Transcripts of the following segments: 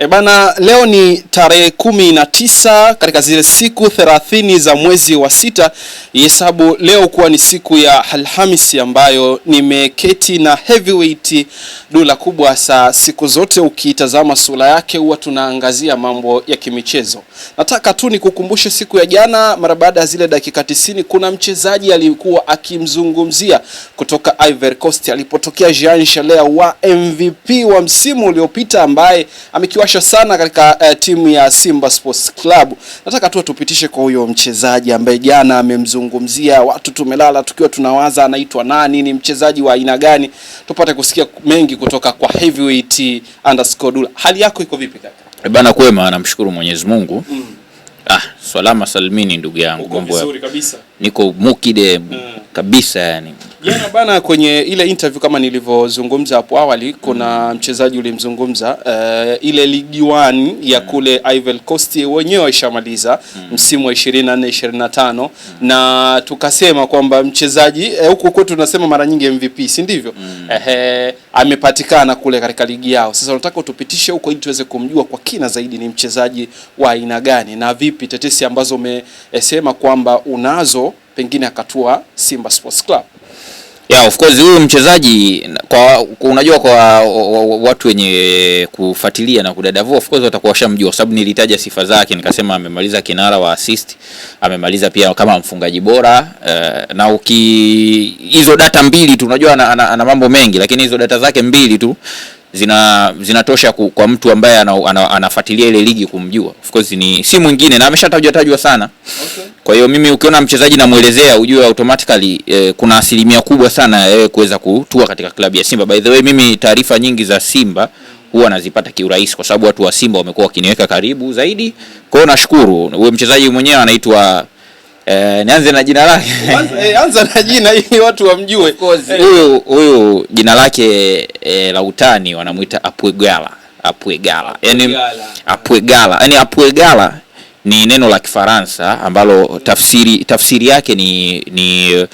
E bana, leo ni tarehe kumi na tisa katika zile siku thelathini za mwezi wa sita. Hesabu leo kuwa ni siku ya Alhamisi ambayo nimeketi na Heavyweight dula kubwa. Saa siku zote ukitazama sura yake huwa tunaangazia mambo ya kimichezo. Nataka tu nikukumbushe siku ya jana, mara baada ya zile dakika tisini, kuna mchezaji alikuwa akimzungumzia kutoka Ivory Coast alipotokea Jean Chalea wa MVP wa msimu uliopita ambaye amekiwa kasha sana katika uh, timu ya Simba Sports Club. Nataka tu tupitishe kwa huyo mchezaji ambaye jana amemzungumzia, watu tumelala tukiwa tunawaza anaitwa nani, ni mchezaji wa aina gani, tupate kusikia mengi kutoka kwa Heavyweight underscore Hali yako iko vipi kaka? Bana, kwema, namshukuru Mwenyezi Mungu mm. Ah, salama salmini, ndugu yangu, niko mukide mm. kabisa yani. Jana bana, kwenye ile interview kama nilivyozungumza hapo awali, kuna hmm. mchezaji ulimzungumza uh, ile ligi one ya hmm. kule Ivory Coast wenyewe waishamaliza hmm. msimu wa 24 25, na tukasema kwamba mchezaji eh, huko uh, kwetu tunasema mara nyingi MVP, si ndivyo? mm. uh, amepatikana kule katika ligi yao. Sasa nataka utupitishe huko ili tuweze kumjua kwa kina zaidi ni mchezaji wa aina gani na vipi tetesi taasisi ambazo umesema kwamba unazo pengine akatua Simba Sports Club? Yeah, of course huyu mchezaji kwa, unajua kwa watu wenye kufuatilia na kudadavua of course watakuwa washamjua, kwa sababu nilitaja sifa zake nikasema amemaliza kinara wa assist, amemaliza pia kama mfungaji bora eh, na uki hizo data mbili tu unajua ana, ana, ana mambo mengi, lakini hizo data zake mbili tu zina zinatosha kwa mtu ambaye ana, ana, anafuatilia ile ligi kumjua. Of course ni si mwingine na ameshatajwa tajwa sana. Okay. Kwa hiyo mimi ukiona mchezaji namwelezea ujue automatically eh, kuna asilimia kubwa sana yeye eh, kuweza kutua katika klabu ya Simba. By the way, mimi taarifa nyingi za Simba huwa nazipata kiurahisi kwa sababu watu wa Simba wamekuwa wakiniweka karibu zaidi. Kwa hiyo nashukuru. Huyo mchezaji mwenyewe anaitwa Eh, nianze na jina lake. Eh, anza na jina ili watu wamjue. Eh. Huyu huyu jina lake eh, la utani wanamuita Apwegala. Apwegala. Yaani Apwegala. Yaani Apwegala ni neno la Kifaransa ambalo tafsiri tafsiri yake ni ni eh,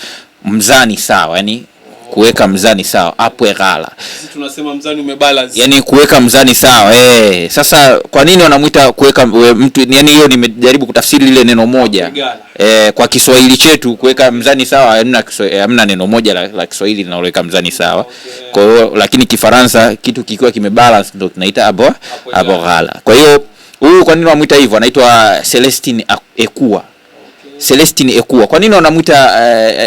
mzani sawa, yaani kuweka mzani sawa, apwe ghala, tunasema mzani umebalance, yani kuweka mzani sawa eh. Sasa kwa nini wanamuita kuweka mtu, yani hiyo nimejaribu kutafsiri lile neno moja eh, kwa Kiswahili chetu kuweka mzani sawa, hamna eh, hamna neno moja la, la Kiswahili linaloweka mzani sawa okay. Kwa hiyo lakini Kifaransa kitu kikiwa kimebalance ndio tunaita abo abo ghala. Kwa hiyo huyu, kwa nini wanamuita hivyo? Anaitwa Celestine Ekua Celestine Ekua. Kwa nini wanamuita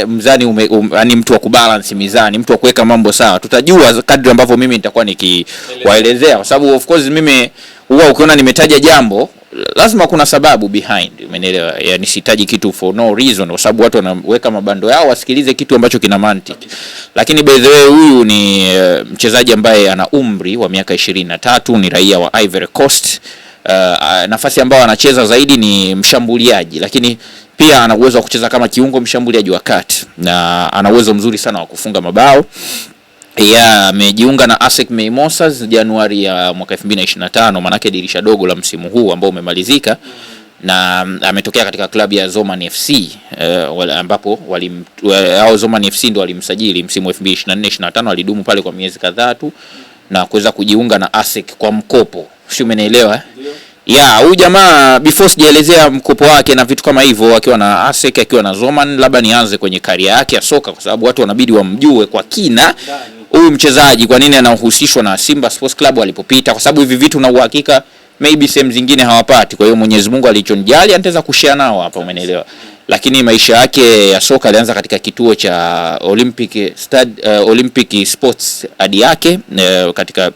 uh, mzani ume, um, yani mtu wa kubalance mizani, mtu wa kuweka mambo sawa? Tutajua kadri ambavyo mimi nitakuwa nikiwaelezea, kwa sababu of course mimi huwa ukiona nimetaja jambo lazima kuna sababu behind, umeelewa? Yani sihitaji kitu for no reason, kwa sababu watu wanaweka mabando yao wasikilize kitu ambacho kina mantiki. Lakini by the way, huyu ni uh, mchezaji ambaye ana umri wa miaka 23, ni raia wa Ivory Coast. Uh, nafasi ambayo anacheza zaidi ni mshambuliaji, lakini pia ana uwezo wa kucheza kama kiungo mshambuliaji wa kati na ana uwezo mzuri sana wa kufunga mabao. Ya amejiunga na ASEC Mimosas Januari ya mwaka 2025, manake dirisha dogo la msimu huu ambao umemalizika na ametokea katika klabu ya Zoman FC uh, eh, ambapo wali, uh, eh, Zoman FC ndo walimsajili msimu 2024 25, alidumu pale kwa miezi kadhaa tu na kuweza kujiunga na ASEC kwa mkopo, sio, umeelewa eh? ya huyu jamaa before sijaelezea mkopo wake na vitu kama hivyo, akiwa na asek akiwa na Zoman, labda nianze kwenye karia yake ya soka, kwa sababu watu wanabidi wamjue kwa kina huyu mchezaji, kwa nini anahusishwa na Simba Sports Club alipopita, kwa sababu hivi vitu na uhakika maybe sehemu zingine hawapati. Kwa hiyo Mwenyezi Mungu alichonjali anateza kushare nao hapa, umeelewa? Lakini maisha yake ya soka alianza katika kituo cha Olympic Stad, uh, Olympic Sports adi yake uh, katika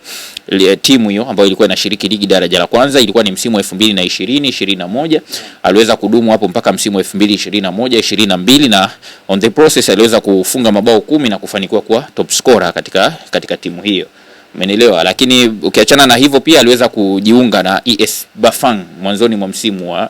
Eh, timu hiyo ambayo ilikuwa inashiriki ligi daraja la kwanza ilikuwa ni msimu wa 2020 moja aliweza kudumu hapo mpaka msimu wa 2021 22, na on the process aliweza kufunga mabao kumi na kufanikiwa kuwa top scorer katika, katika timu hiyo. Umeelewa? Lakini ukiachana na hivyo, pia aliweza kujiunga na ES Bafang mwanzoni mwa msimu wa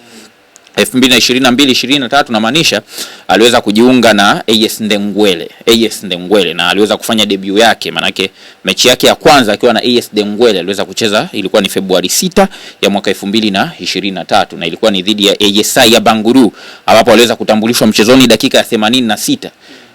2022 na namaanisha, aliweza kujiunga na AS Ndengwele, AS Ndengwele na aliweza kufanya debut yake, maanake mechi yake ya kwanza akiwa na AS Ndengwele aliweza kucheza, ilikuwa ni Februari 6 ya mwaka 2023 na ilikuwa ni dhidi ya AS ya Banguru ambapo aliweza kutambulishwa mchezoni dakika ya 86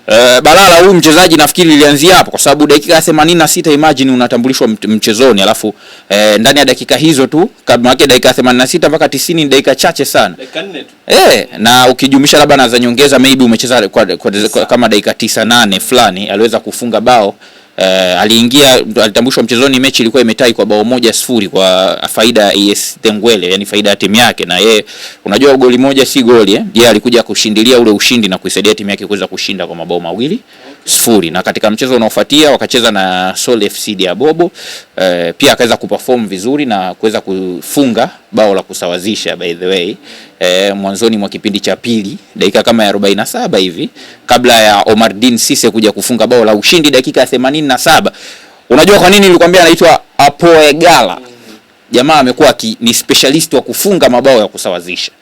Eh, Balala huyu mchezaji nafikiri ilianzia hapo kwa sababu dakika ya 86 imagine unatambulishwa mchezoni, alafu eh, ndani ya dakika hizo tu kabla yake dakika ya 86 mpaka 90 ni dakika chache sana, dakika tu eh, na ukijumlisha labda na za nyongeza maybe umecheza kwa, kwa, kwa, kama dakika tisa nane fulani aliweza kufunga bao Uh, aliingia alitambulishwa mchezoni, mechi ilikuwa imetai kwa bao moja sifuri kwa faida ya AS Tengwele, yani faida ya timu yake, na yeye unajua goli moja si goli eh? Yeye alikuja kushindilia ule ushindi na kuisaidia timu yake kuweza kushinda kwa mabao mawili sifuri, na katika mchezo unaofuatia wakacheza na Sol FC Bobo e, eh, pia akaweza kuperform vizuri na kuweza kufunga bao la kusawazisha by the way e, mwanzoni mwa kipindi cha pili dakika kama ya 47 hivi kabla ya Omar Din Sise kuja kufunga bao la ushindi dakika ya 87. Unajua kwa nini nilikwambia anaitwa Apoegala? Jamaa amekuwa ni specialist wa kufunga mabao ya kusawazisha.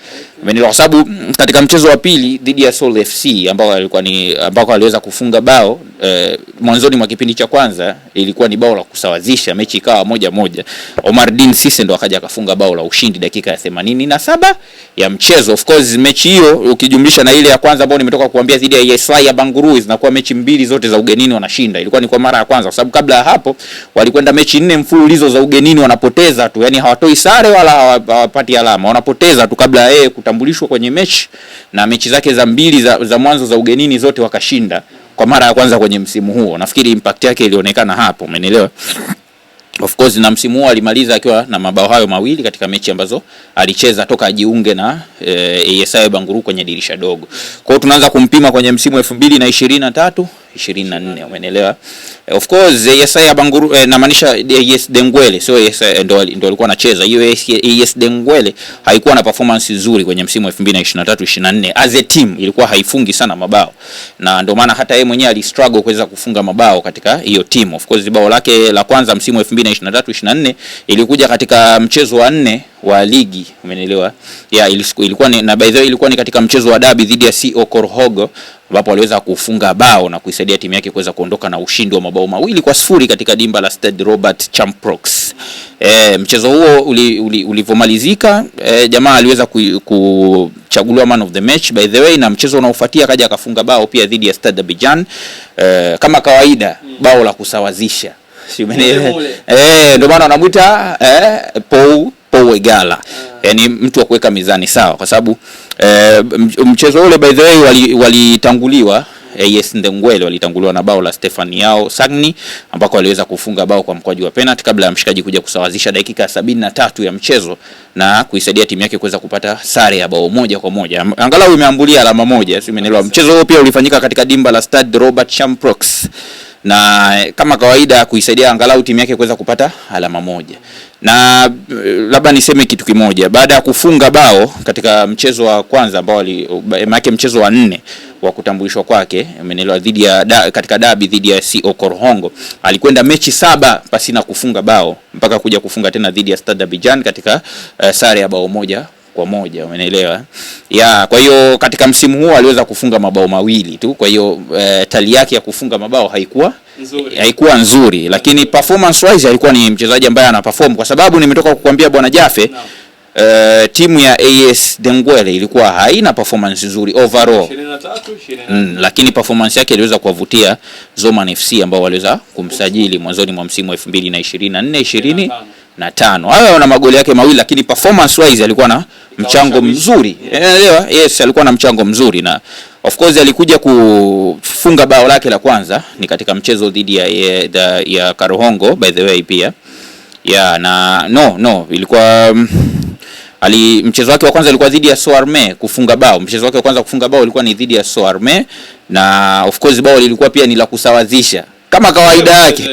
Umenielewa? Kwa sababu katika mchezo wa pili dhidi ya Soul FC ambao alikuwa ni ambao aliweza kufunga bao eh, mwanzoni mwa kipindi cha kwanza ilikuwa ni bao la kusawazisha, mechi ikawa moja moja. Omar Din Sisse ndo akaja akafunga bao la ushindi dakika ya themanini na saba ya mchezo. Of course mechi hiyo ukijumlisha na ile ya kwanza ambayo nimetoka kuambia dhidi ya Isla e ya Banguru zinakuwa mechi mbili zote za ugenini wanashinda. Ilikuwa ni kwa mara ya kwanza kwa sababu kabla ya hapo walikwenda mechi nne mfululizo za ugenini wanapoteza tu. Yaani hawatoi sare wala hawapati alama. Wanapoteza tu kabla ya yeye alitambulishwa kwenye mechi na mechi zake za mbili za, za mwanzo za ugenini zote wakashinda kwa mara ya kwanza kwenye msimu huo. Nafikiri impact yake ilionekana hapo, umeelewa? Of course na msimu huo alimaliza akiwa na mabao hayo mawili katika mechi ambazo alicheza toka ajiunge na e, Banguru kwenye dirisha dogo. Kwa hiyo tunaanza kumpima kwenye msimu elfu mbili na ishirini na tatu 24, umeelewa? Eh, of course eh, Yesaya Banguru eh, namaanisha eh, Yes Dengwele, sio yes ndo ndo alikuwa anacheza. Hiyo Yes yes Dengwele haikuwa na performance nzuri kwenye msimu wa 2023 24. As a team ilikuwa haifungi sana mabao. Na ndio maana hata yeye mwenyewe alistruggle kuweza kufunga mabao katika hiyo team. Of course bao lake la kwanza msimu wa 2023 24 ilikuja katika mchezo wa 4 wa ligi, umeelewa? Yeah, ilikuwa ni, na by the way ilikuwa ni katika mchezo wa dabi dhidi ya CO Korhogo ambapo aliweza kufunga bao na kuisaidia timu yake kuweza kuondoka na ushindi wa mabao mawili kwa sifuri katika dimba la Stade Robert Champrox. E, mchezo huo ulivyomalizika uli, uli e, jamaa aliweza kuchaguliwa man of the match by the way, na mchezo unaofuatia akaja akafunga bao pia dhidi ya Stade Abidjan e, kama kawaida bao la kusawazisha, si umeelewa? Eh, ndio maana wanamuita eh Pou Paul Egala yaani mtu wa kuweka mizani sawa, kwa sababu e, mchezo ule by the way walitanguliwa wali eh, AS Ndengwele walitanguliwa na bao la Stefan Yao Sagni ambako waliweza kufunga bao kwa mkwaju wa penalti kabla ya mshikaji kuja kusawazisha dakika sabini na tatu ya mchezo na kuisaidia timu yake kuweza kupata sare ya bao moja kwa moja. Angalau imeambulia alama moja, si umeelewa? Mchezo huo pia ulifanyika katika dimba la Stade Robert Champrox na kama kawaida kuisaidia angalau timu yake kuweza kupata alama moja. Na eh, labda niseme kitu kimoja, baada ya kufunga bao katika mchezo wa kwanza ambao eh, maake mchezo wa nne wa kutambulishwa kwake umenelewa dhidi ya da, katika dabi dhidi ya CO Korhongo alikwenda mechi saba pasina kufunga bao mpaka kuja kufunga tena dhidi ya Stade katika uh, sare ya bao moja kwa moja, umeelewa ya. Kwa hiyo katika msimu huu aliweza kufunga mabao mawili tu, kwa hiyo e, tali yake ya kufunga mabao haikuwa nzuri, haikuwa nzuri, lakini performance wise alikuwa ni mchezaji ambaye ana perform, kwa sababu nimetoka kukuambia bwana Jafe no. Uh, eh, timu ya AS Dengwele ilikuwa haina performance nzuri overall 23, 23. Mm, lakini performance yake iliweza kuwavutia Zoman FC ambao waliweza kumsajili mwanzoni mwa msimu wa 2024 25. Hayo na magoli yake mawili, lakini performance wise alikuwa na mchango mzuri, unaelewa? Yes, alikuwa na mchango mzuri na of course alikuja kufunga bao lake la kwanza ni katika mchezo dhidi ya, ya, ya Karuhongo by the way pia yeah, na no no ilikuwa um, ali mchezo wake wa kwanza alikuwa dhidi ya Soarme kufunga bao. Mchezo wake wa kwanza kufunga bao ulikuwa ni dhidi ya Soarme, na of course bao lilikuwa pia ni la kusawazisha kama kawaida yake.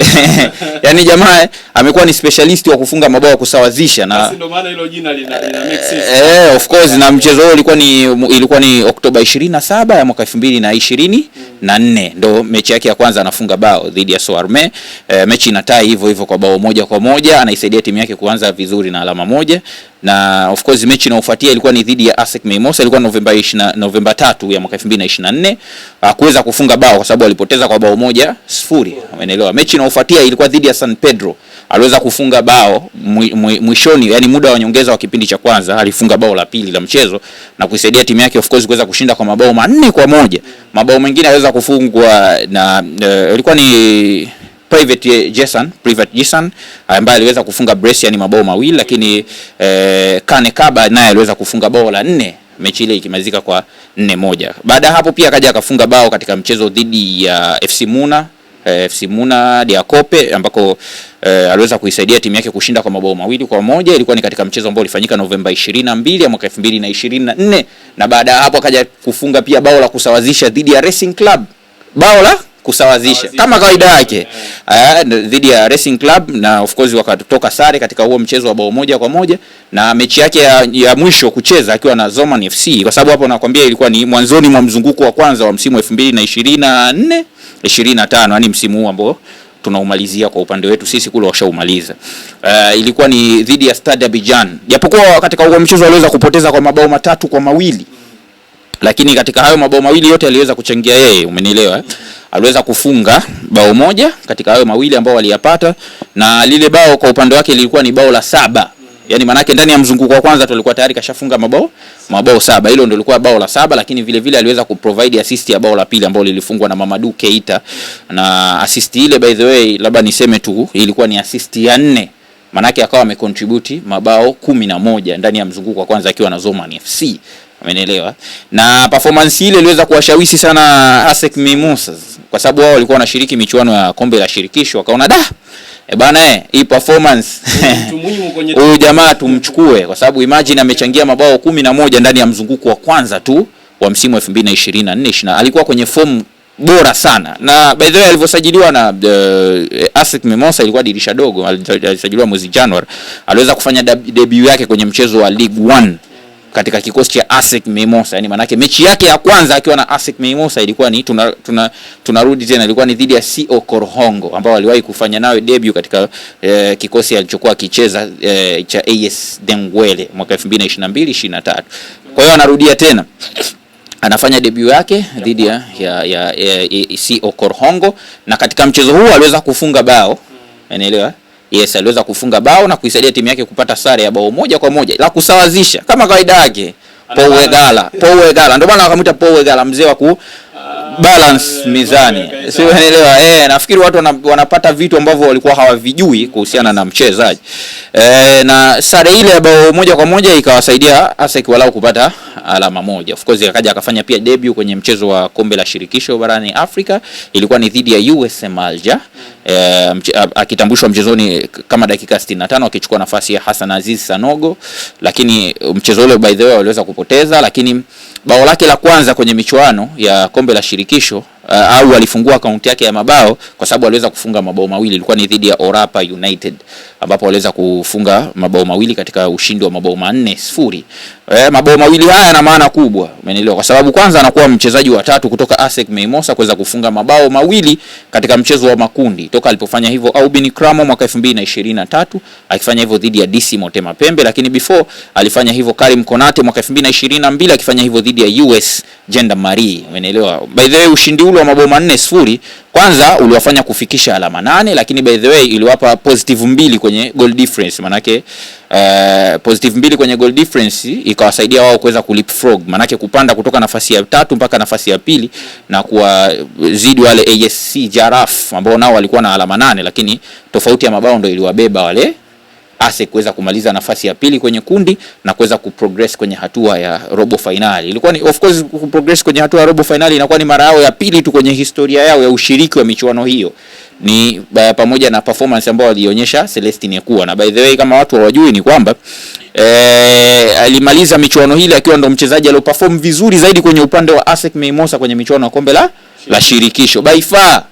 yani jamaa eh, amekuwa ni specialist wa kufunga mabao kusawazisha na ndio maana hilo jina lina, make sense. Eh, of course na mchezo huo ulikuwa ni ilikuwa ni Oktoba 27 ya mwaka 2024 na mm. Ndio mechi yake ya kwanza anafunga bao dhidi ya Soarme. eh, mechi inatai hivyo hivyo kwa bao moja kwa moja, anaisaidia timu yake kuanza vizuri na alama moja na of course mechi inayofuatia ilikuwa ni dhidi ya ASEC Mimosas, ilikuwa Novemba 20 Novemba 3 ya mwaka 2024. Hakuweza ah, kufunga bao kwa sababu alipoteza kwa bao moja sifuri, umeelewa. Mechi inayofuatia ilikuwa dhidi ya San Pedro, aliweza kufunga bao mwishoni, yani muda wa nyongeza wa kipindi cha kwanza, alifunga bao la pili la mchezo na kuisaidia timu yake of course kuweza kushinda kwa mabao manne kwa moja. Mabao mengine aliweza kufungwa na eh, ilikuwa uh, ni Private Jason, Private Jason ambaye aliweza kufunga brace yani mabao mawili, lakini eh, Kane Kaba naye aliweza kufunga bao la nne mechi ile ikimalizika kwa nne moja. Baada ya hapo pia akaja akafunga bao katika mchezo dhidi ya FC Muna eh, FC Muna Diakope ambako eh, aliweza kuisaidia timu yake kushinda kwa mabao mawili kwa moja. Ilikuwa ni katika mchezo ambao ulifanyika Novemba 22 ya mwaka 2024, na na baada ya hapo akaja kufunga pia bao la kusawazisha dhidi ya Racing Club bao la kusawazisha kama kawaida yake eh. Eh, dhidi ya Racing Club, na of course wakatoka sare katika huo mchezo wa bao moja kwa moja, na mechi yake ya, ya mwisho kucheza akiwa na Zoman FC, kwa sababu hapo nakwambia ilikuwa ni mwanzoni mwa mzunguko wa kwanza wa msimu 2024 25, yani msimu huu ambao tunaumalizia kwa upande wetu sisi kule washaumaliza. Uh, ilikuwa ni dhidi ya Stade Abidjan, japokuwa katika huo mchezo waliweza kupoteza kwa mabao matatu kwa mawili lakini katika hayo mabao mawili yote aliweza kuchangia yeye, umenielewa eh? Aliweza kufunga bao moja katika hayo mawili ambao waliyapata, na lile bao kwa upande wake lilikuwa ni bao la saba Yaani manake ndani ya mzunguko wa kwanza tulikuwa tayari kashafunga mabao mabao saba. Hilo ndio lilikuwa bao la saba, lakini vile vile aliweza kuprovide assist ya bao la pili ambao lilifungwa na Mamadou Keita, na assist ile by the way, labda niseme tu ilikuwa ni assist ya nne, manake akawa amecontribute mabao kumi na moja ndani ya mzunguko wa kwanza akiwa na Zoman FC. Amenielewa. Na performance ile iliweza kuwashawishi sana ASEC Mimosas kwa sababu wao walikuwa wanashiriki michuano ya kombe la shirikisho, wakaona da e bana eh, hii performance huyu jamaa tumchukue, kwa sababu imagine amechangia mabao kumi na moja ndani ya mzunguko wa kwanza tu wa msimu 2024 20. Alikuwa kwenye form bora sana na by the way alivyosajiliwa na uh, ASEC Mimosa ilikuwa dirisha dogo, alisajiliwa mwezi January aliweza kufanya debut yake kwenye mchezo wa League One katika kikosi cha ASEC Mimosa. Yani maanake mechi yake ya kwanza akiwa na ASEC Mimosa ilikuwa ni tunarudi tuna, tuna tena ilikuwa ni dhidi ya CO Korhongo ambao waliwahi kufanya nayo debut katika eh, kikosi alichokuwa akicheza eh, cha AS Dengwele mwaka 2022 23. Kwa hiyo anarudia tena anafanya debut yake dhidi ya, ya, ya, ya, ya CO Korhongo na katika mchezo huu aliweza kufunga bao, unaelewa Yes, aliweza kufunga bao na kuisaidia timu yake kupata sare ya bao moja kwa moja la kusawazisha kama kawaida yake. Paul Egala, Paul Egala ndio maana wakamuita Paul Egala, mzee wa ku ah, balance mizani, si unaelewa? Eh, nafikiri watu wanapata vitu ambavyo walikuwa hawavijui kuhusiana na mchezaji e, na sare ile ya bao moja kwa moja ikawasaidia hasa walau kupata alama moja. Of course akaja akafanya pia debut kwenye mchezo wa kombe la shirikisho barani Afrika, ilikuwa ni dhidi ya USM Alger e, eh, akitambulishwa mchezoni kama dakika 65 akichukua nafasi ya Hassan Aziz Sanogo, lakini uh, mchezo ule by the way waliweza kupoteza, lakini bao lake la kwanza kwenye michuano ya kombe la shirikisho uh, au alifungua akaunti yake ya mabao kwa sababu aliweza kufunga mabao mawili, ilikuwa ni dhidi ya Orapa United ambapo aliweza kufunga mabao mawili katika ushindi wa mabao manne sifuri. Eh, mabao mawili haya yana maana kubwa, umeelewa? Kwa sababu kwanza anakuwa mchezaji wa tatu kutoka ASEC Mimosas kuweza kufunga mabao mawili katika mchezo wa makundi toka alipofanya hivyo Aubin Kramo mwaka 2023 akifanya hivyo dhidi ya DC Motema Pembe, lakini before alifanya hivyo Karim Konate mwaka 2022 akifanya hivyo dhidi ya US Gendarmerie, umeelewa? By the way ushindi ufaulu wa mabao manne sifuri kwanza uliwafanya kufikisha alama nane, lakini by the way iliwapa positive mbili kwenye goal difference, manake uh, positive mbili kwenye goal difference ikawasaidia wao kuweza frog manake kupanda kutoka nafasi ya tatu mpaka nafasi ya pili na kuwazidi wale ASC Jaraf ambao nao walikuwa na alama nane, lakini tofauti ya mabao ndio iliwabeba wale ASE kuweza kumaliza nafasi ya pili kwenye kundi na kuweza kuprogress kwenye hatua ya robo finali. Ilikuwa ni of course kuprogress kwenye hatua ya robo finali inakuwa ni mara yao ya pili tu kwenye historia yao ya ushiriki wa michuano hiyo. Ni eh, pamoja na performance ambayo walionyesha Celestine Ekua, na by the way kama watu hawajui ni kwamba E, alimaliza michuano hili akiwa ndo mchezaji alioperform vizuri zaidi kwenye upande wa ASEC Mimosas kwenye michuano ya kombe la shirikisho by far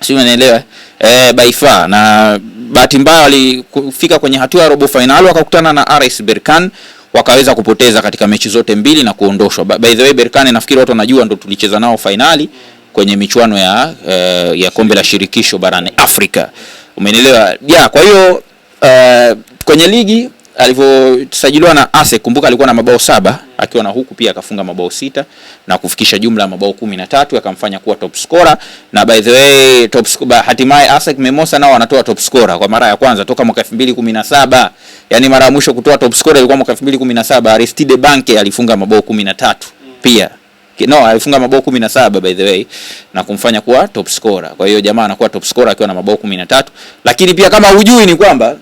si unaelewa eh, by far na bahati mbaya walifika kwenye hatua ya robo final wakakutana na RS berkan wakaweza kupoteza katika mechi zote mbili na kuondoshwa. By the way, berkan nafikiri watu wanajua, ndo tulicheza nao fainali kwenye michuano ya, eh, ya kombe la shirikisho barani Afrika, umenielewa? Yeah, kwa hiyo eh, kwenye ligi alivyosajiliwa na ase kumbuka alikuwa na mabao saba akiwa na huku pia akafunga mabao sita na kufikisha jumla ya mabao kumi na tatu akamfanya kuwa top scorer. Na by the way top scorer hatimaye ASEC Mimosa nao wanatoa top scorer kwa mara ya kwanza toka mwaka 2017. Yani mara ya mwisho kutoa top scorer ilikuwa mwaka 2017, Aristide Banke alifunga mabao 13 pia no alifunga mabao 17 by the way na kumfanya kuwa top scorer. Kwa hiyo jamaa anakuwa top scorer akiwa na mabao 13, lakini pia kama hujui ni kwamba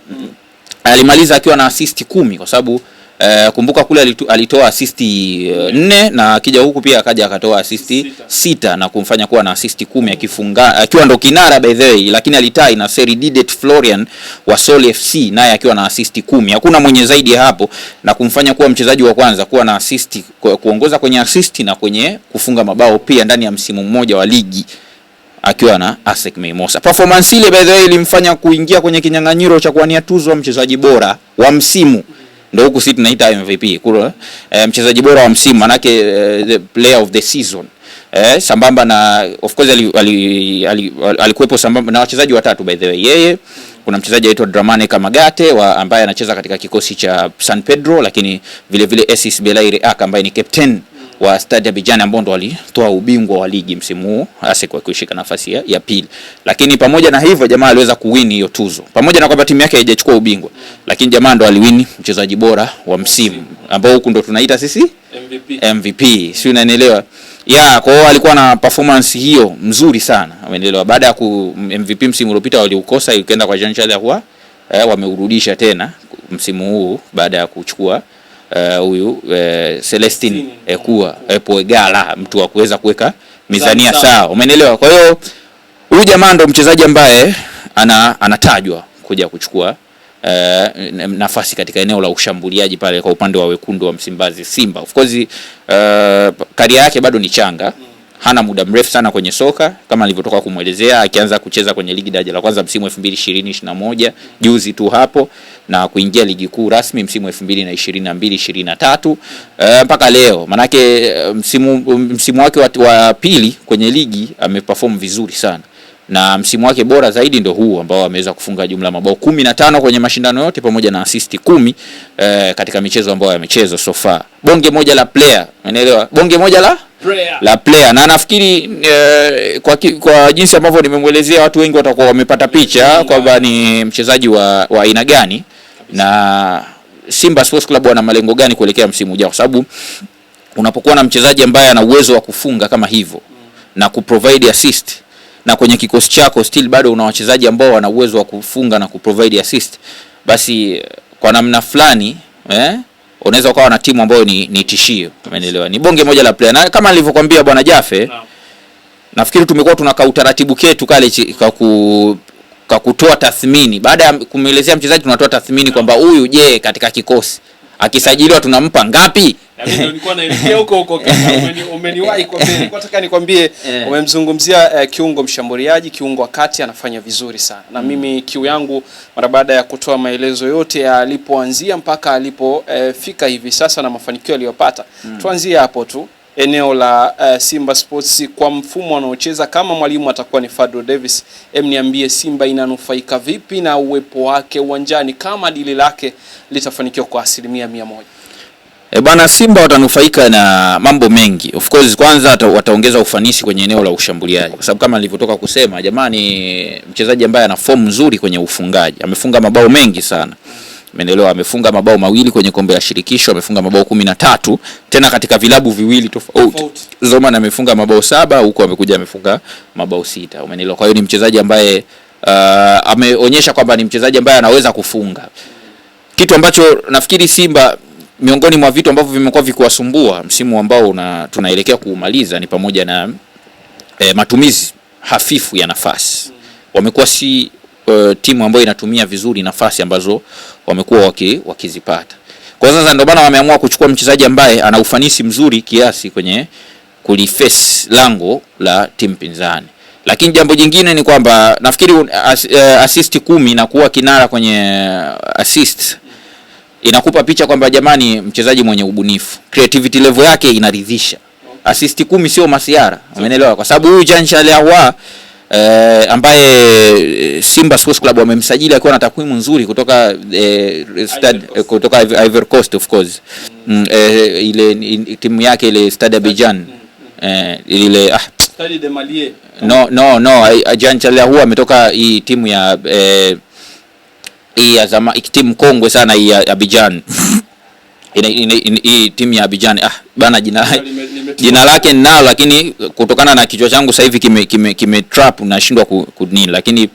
alimaliza akiwa na assist kumi kwa sababu Uh, kumbuka kule alitoa asisti uh, eh, nne na akija huku pia akaja akatoa asisti sita, sita na kumfanya kuwa na asisti kumi akifunga akiwa ndo kinara by the way, lakini alitai na Seri Didet Florian wa Sol FC naye akiwa na asisti kumi. Hakuna mwenye zaidi hapo na kumfanya kuwa mchezaji wa kwanza kuwa na assist kuongoza kwenye asisti na kwenye kufunga mabao pia ndani ya msimu mmoja wa ligi akiwa na Asec Mimosa. Performance ile by the way ilimfanya kuingia kwenye kinyang'anyiro cha kuwania tuzo ya mchezaji bora wa msimu. Ndio huku sisi tunaita MVP kule, eh, mchezaji bora wa msimu manake eh, the player of the season. Eh, sambamba na of course alikuwepo ali, ali, ali, ali sambamba na wachezaji watatu by the way yeye kuna mchezaji aitwa Dramane Kamagate wa ambaye anacheza katika kikosi cha San Pedro, lakini vile vile Esis Belaire ak ambaye ni captain wa Stade Abidjan ambao ndo walitoa ubingwa wa ligi msimu huu hasa kwa kushika nafasi ya, ya pili. Lakini pamoja na hivyo jamaa aliweza kuwini hiyo tuzo. Pamoja na kwamba timu yake haijachukua ubingwa, lakini jamaa ndo aliwini mchezaji bora wa msimu ambao huku ndo tunaita sisi MVP. MVP. Sio, unanielewa? Ya, kwa hiyo alikuwa na performance hiyo mzuri sana. Umeelewa? Baada ya ku MVP msimu uliopita waliukosa, ikaenda kwa Jean Charles Ahoua, eh, wameurudisha tena msimu huu baada ya kuchukua Eh, huyu uh, uh, Celestine eh, kuwa eh, Poegala mtu wa kuweza kuweka mizania sawa, umeelewa? Kwa hiyo huyu jamaa ndo mchezaji ambaye ana, anatajwa kuja kuchukua Uh, nafasi katika eneo la ushambuliaji pale kwa upande wa wekundu wa Msimbazi Simba. Of course uh, karia yake bado ni changa hana muda mrefu sana kwenye soka kama alivyotoka kumwelezea, akianza kucheza kwenye ligi daraja la kwanza msimu 2021 juzi tu hapo, na kuingia ligi kuu rasmi msimu 2022 23 eh, mpaka leo. Manake eh, msimu, msimu wake wa, wa pili kwenye ligi ameperform vizuri sana na msimu wake bora zaidi ndio huu ambao ameweza kufunga jumla mabao kumi na tano kwenye mashindano yote pamoja na assist kumi eh, katika michezo ambayo amecheza so far. Bonge moja la player, unaelewa? Bonge moja la la player na nafikiri eh, kwa, kwa jinsi ambavyo nimemwelezea watu wengi watakuwa wamepata picha kwamba ni mchezaji wa aina gani na Simba Sports Club wana malengo gani kuelekea msimu ujao, kwa sababu unapokuwa na mchezaji ambaye ana uwezo wa kufunga kama hivyo na kuprovide assist na kwenye kikosi chako still bado una wachezaji ambao wana uwezo wa kufunga na kuprovide assist, basi kwa namna fulani eh, unaweza ukawa na timu ambayo ni, ni tishio. Umeelewa? Ni bonge moja la player. Na kama nilivyokuambia bwana Jafe, nafikiri tumekuwa tunaka utaratibu ketu kale kwa ku kwa kutoa tathmini baada ya kumwelezea mchezaji tunatoa tathmini kwamba huyu je, katika kikosi akisajiliwa tunampa ngapi? Nataka nikwambie, eh. umemzungumzia eh, kiungo mshambuliaji, kiungo wakati anafanya vizuri sana, na mm. mimi kiu yangu mara baada ya kutoa maelezo yote alipoanzia mpaka alipofika eh, hivi sasa na mafanikio aliyopata, mm. tuanzie hapo tu eneo la uh, Simba Sports kwa mfumo anaocheza Kama mwalimu atakuwa ni Fadlu Davis, em, niambie Simba inanufaika vipi na uwepo wake uwanjani kama dili lake litafanikiwa kwa asilimia mia moja? E bwana, Simba watanufaika na mambo mengi of course. Kwanza wataongeza ufanisi kwenye eneo la ushambuliaji, kwa sababu kama nilivyotoka kusema, jamani, mchezaji ambaye ana fomu nzuri kwenye ufungaji amefunga mabao mengi sana Mendeleo amefunga mabao mawili kwenye kombe la shirikisho, amefunga mabao kumi na tatu tena katika vilabu viwili tofauti. Zoman amefunga mabao saba huko amekuja amefunga mabao sita. Umeelewa? Kwa hiyo ni mchezaji ambaye uh, ameonyesha kwamba ni mchezaji ambaye anaweza kufunga. Kitu ambacho nafikiri Simba miongoni mwa vitu ambavyo vimekuwa vikiwasumbua msimu ambao una, tunaelekea kuumaliza ni pamoja na eh, matumizi hafifu ya nafasi. Wamekuwa si uh, timu ambayo inatumia vizuri nafasi ambazo wamekuwa waki, wakizipata. Kwa sasa ndio bana wameamua kuchukua mchezaji ambaye ana ufanisi mzuri kiasi kwenye kuliface lango la timu pinzani. Lakini jambo jingine ni kwamba nafikiri uh, as, uh, assist kumi na kuwa kinara kwenye uh, assist inakupa picha kwamba jamani, mchezaji mwenye ubunifu, creativity level yake inaridhisha. Assist kumi sio masiara, umeelewa? Kwa sababu huyu Jean Charles Ahoua e, ambaye eh, Simba Sports Club wamemsajili akiwa na takwimu nzuri kutoka e, eh, Stade kutoka Ivory Coast of course mm, e, ile in, timu yake ile Stade Abidjan mm, mm. E, ile ah, Stade de Malie. no no no Jean huwa ametoka hii timu ya e, hii ya zama timu kongwe sana hii ya Abidjan ina, ina, ina, ina, ina, timu ya Abijani ah, bana jina, jina lake ninalo, lakini kutokana na kichwa changu sasa hivi kime, kime, kime trap nashindwa kunini, lakini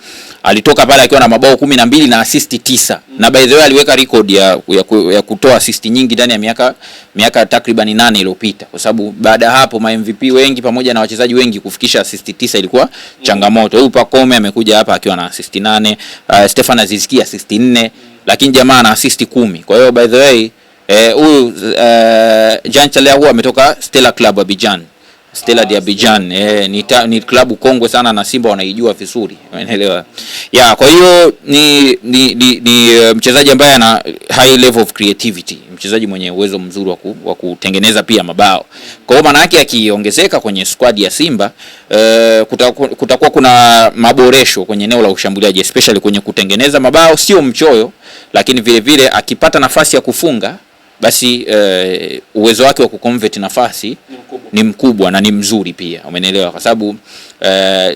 alitoka pale akiwa na mabao kumi na mbili na assist tisa mm. na by the way aliweka record ya, ya, ya kutoa assist nyingi ndani ya miaka miaka takriban nane iliyopita, kwa sababu baada ya hapo ma MVP wengi pamoja na wachezaji wengi kufikisha assist tisa ilikuwa mm. changamoto. Huyu mm. Pacome amekuja hapa akiwa na assist nane, uh, Stefan Azizki assist nne, mm. lakini jamaa ana assist kumi. Kwa hiyo by the way Eh, huyu eh, eh, Jean Chalea huwa ametoka Stella Club Abidjan. Stella di Abidjan eh, ni, ta, ni klabu kongwe sana na Simba wanaijua vizuri, unaelewa Ya, kwa hiyo ni, ni, ni, ni eh, mchezaji ambaye ana high level of creativity, mchezaji mwenye uwezo mzuri wa wa kutengeneza pia mabao. Kwa hiyo maana yake akiongezeka kwenye squad ya Simba eh, kutakuwa kuta kuna maboresho kwenye eneo la ushambuliaji especially kwenye kutengeneza mabao, sio mchoyo, lakini vile vile akipata nafasi ya kufunga basi uh, uwezo wake wa kuconvert nafasi ni mkubwa, ni mkubwa na ni mzuri pia, umenielewa? Kwa sababu uh,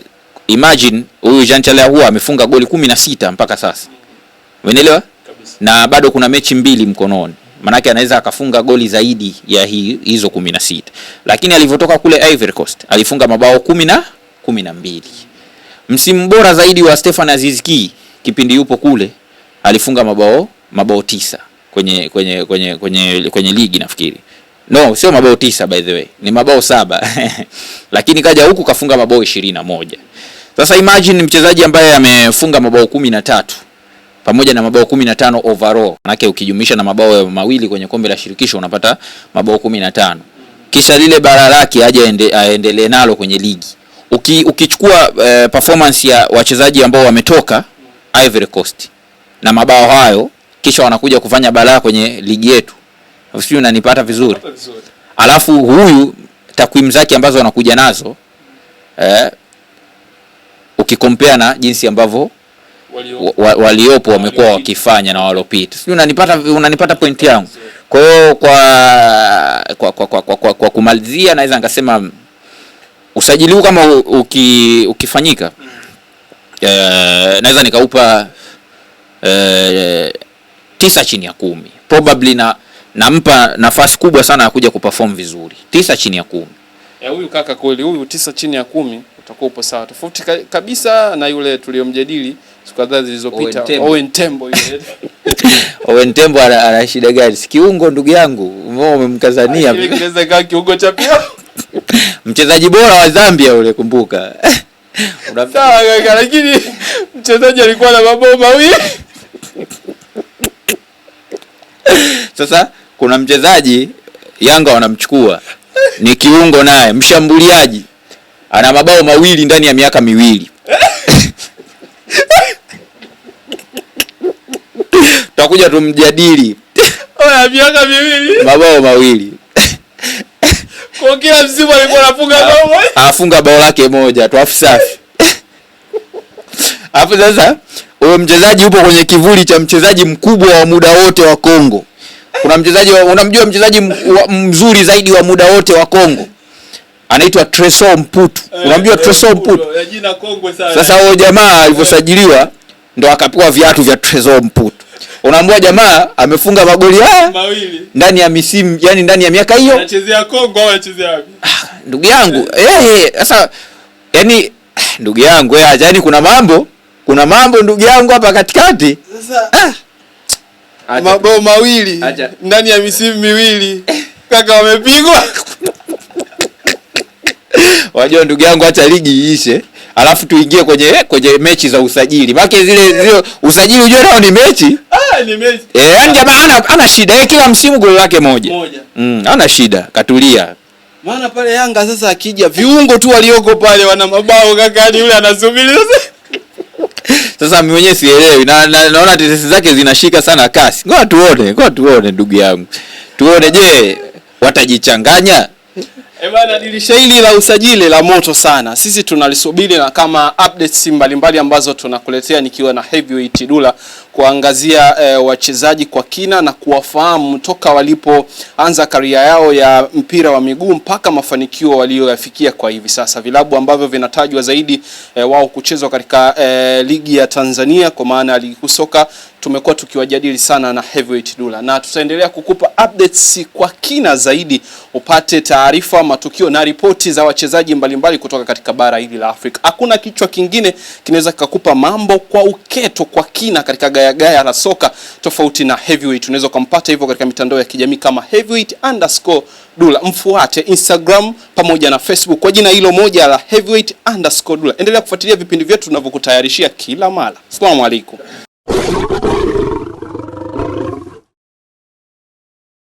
imagine huyu Jean Charles amefunga goli kumi na sita mpaka sasa, umenielewa? Na bado kuna mechi mbili mkononi, manake anaweza akafunga goli zaidi ya hizo kumi na sita, lakini alivyotoka kule Ivory Coast alifunga mabao kumi na kumi na mbili. Msimu bora zaidi wa Stefan Azizki kipindi yupo kule alifunga mabao mabao tisa kwenye kwenye kwenye kwenye kwenye ligi nafikiri. No, sio mabao tisa by the way. Ni mabao saba. Lakini kaja huku kafunga mabao ishirini moja. Sasa imagine mchezaji ambaye amefunga mabao kumi tatu pamoja na mabao kumi tano overall. Manake ukijumlisha na mabao mawili kwenye kombe la shirikisho unapata mabao kumi tano. Kisha lile bara lake aje aende, aendelee nalo kwenye ligi. Uki, ukichukua uh, performance ya wachezaji ambao wametoka Ivory Coast na mabao hayo kisha wanakuja kufanya balaa kwenye ligi yetu, sijui unanipata vizuri. Alafu huyu takwimu zake ambazo wanakuja nazo eh, ukikompea na jinsi ambavyo waliopo wamekuwa wakifanya na walopita, sijui unanipata, unanipata pointi yangu. Kwa hiyo kwa kwa, kwa, kwa, kwa, kwa, kwa kumalizia naweza nikasema usajili huu kama uki, ukifanyika mm. eh, naweza nikaupa eh, tisa chini ya kumi probably na nampa nafasi kubwa sana ya kuja kuperform vizuri, tisa chini ya kumi. E, huyu kaka kweli, huyu tisa chini ya kumi utakuwa upo sawa, tofauti kabisa na yule tuliyomjadili siku kadhaa zilizopita, Owen Tembo. Owen Tembo ana shida gani? Kiungo ndugu yangu, umemkazania kiungo cha pia mchezaji bora wa Zambia ule kumbuka lakini mchezaji alikuwa na mabao mawili Sasa kuna mchezaji Yanga wanamchukua ni kiungo naye mshambuliaji, ana mabao mawili ndani ya miaka miwili tutakuja tumjadili miaka miwili mabao mawili kwa kila msimu alikuwa anafunga bao moja, afunga bao lake moja tu, afu safi. Hapo sasa huyo mchezaji upo kwenye kivuli cha mchezaji mkubwa wa muda wote wa Kongo. Kuna mchezaji unamjua mchezaji mzuri zaidi wa muda wote wa Kongo anaitwa Tresor Mputu. Eh, unamjua Tresor Mputu? Jina kongwe sana. Sasa huyo jamaa alivyosajiliwa ndo akapewa viatu vya Tresor Mputu. Unaambua jamaa amefunga magoli haya mawili ndani ya misimu, yani ndani ya miaka hiyo. Anachezea Kongo au anachezea wapi? Ah, ndugu yangu, eh, eh sasa yani ah, ndugu yangu, eh yani kuna mambo kuna mambo ndugu yangu hapa katikati ah, mabao mawili ndani ya misimu miwili kaka wamepigwa. Wajua ndugu yangu, hata ligi iishe alafu tuingie kwenye kwenye mechi za usajili, maana zile zio usajili unajua nao ni mechi ah, ni mechi eh, yani jamaa ana ana shida yeye, kila msimu goli lake moja moja, mm, ana shida katulia. Maana pale Yanga sasa akija viungo tu walioko pale wana mabao kaka, yule anasubiri sasa Sasa mimi mwenyewe sielewi na, na, naona tetesi zake zinashika sana kasi. ngoa tuone, ngoa tuone ndugu yangu, tuone je watajichanganya. Eh dirisha hili la usajili la moto sana. Sisi tunalisubiri na kama updates mbalimbali mbali ambazo tunakuletea nikiwa na Heavyweight Dula kuangazia e, wachezaji kwa kina na kuwafahamu toka walipoanza karia yao ya mpira wa miguu mpaka mafanikio walioyafikia kwa hivi sasa. Vilabu ambavyo vinatajwa zaidi e, wao kuchezwa katika e, ligi ya Tanzania kwa maana ya ligi soka tumekuwa tukiwajadili sana na Heavyweight Dula na tutaendelea kukupa updates kwa kina zaidi upate taarifa matukio na ripoti za wachezaji mbalimbali kutoka katika bara hili la Afrika. Hakuna kichwa kingine kinaweza kikakupa mambo kwa uketo kwa kina katika gayagaya la soka tofauti na Heavyweight. Unaweza ukampata hivyo katika mitandao ya kijamii kama Heavyweight underscore Dula, mfuate Instagram pamoja na Facebook kwa jina hilo moja la Heavyweight underscore Dula. Endelea kufuatilia vipindi vyetu tunavyokutayarishia kila mara. Asalamu alaikum.